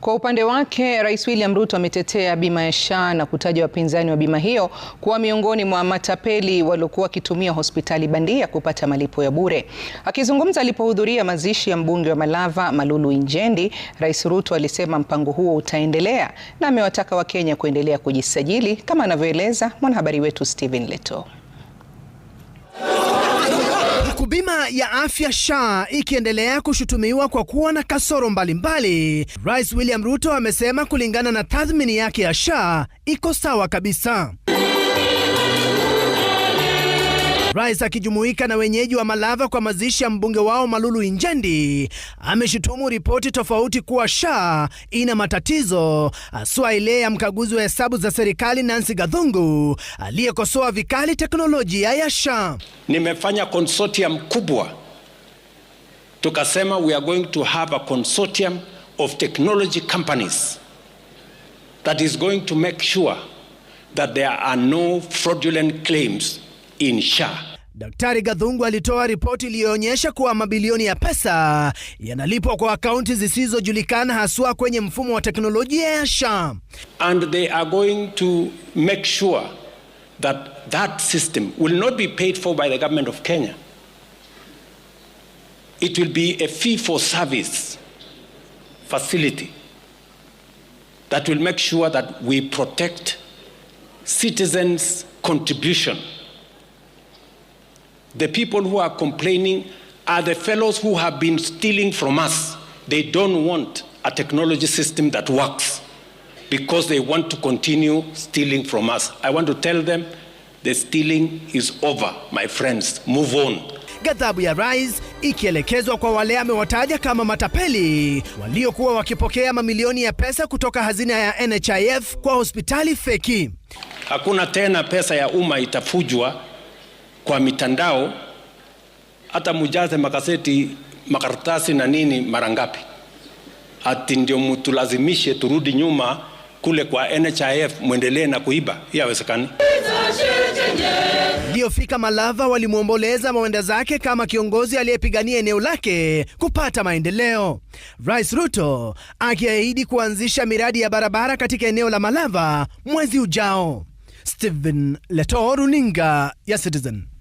Kwa upande wake, Rais William Ruto ametetea bima ya SHA na kutaja wapinzani wa bima hiyo kuwa miongoni mwa matapeli waliokuwa wakitumia hospitali bandia kupata malipo ya bure. Akizungumza alipohudhuria mazishi ya mbunge wa Malava Malulu Injendi, Rais Ruto alisema mpango huo utaendelea na amewataka Wakenya kuendelea kujisajili kama anavyoeleza mwanahabari wetu Stephen Leto. Bima ya afya SHA ikiendelea kushutumiwa kwa kuwa na kasoro mbalimbali, Rais William Ruto amesema kulingana na tathmini yake ya SHA iko sawa kabisa. Rais akijumuika na wenyeji wa Malava kwa mazishi ya mbunge wao Malulu Injendi ameshutumu ripoti tofauti kuwa SHA ina matatizo, haswa ile ya mkaguzi wa hesabu za serikali Nancy Gathungu aliyekosoa vikali teknolojia ya SHA. Nimefanya consortium kubwa, tukasema we are going to have a consortium of technology companies that is going to make sure that there are no fraudulent claims insha. Daktari Gadhungu alitoa ripoti iliyoonyesha kuwa mabilioni ya pesa yanalipwa kwa akaunti zisizojulikana haswa kwenye mfumo wa teknolojia ya SHA. And they are going to make sure that that system will not be paid for by the government of Kenya. It will be a fee for service facility that will make sure that we protect citizens' contribution The people who are complaining are the fellows who have been stealing from us. They don't want a technology system that works because they want to continue stealing from us. I want to tell them the stealing is over, my friends. Move on. Ghadhabu ya rais ikielekezwa kwa wale amewataja kama matapeli waliokuwa wakipokea mamilioni ya pesa kutoka hazina ya NHIF kwa hospitali feki. Hakuna tena pesa ya umma itafujwa kwa mitandao, hata mujaze makaseti makaratasi na nini mara ngapi, ati ndio mtulazimishe turudi nyuma kule kwa NHIF mwendelee na kuiba? Hiyo haiwezekani. Diofika Malava walimwomboleza mawenda zake kama kiongozi aliyepigania eneo lake kupata maendeleo. Rais Ruto akiahidi kuanzisha miradi ya barabara katika eneo la Malava mwezi ujao. Stephen Leto, runinga ya Citizen.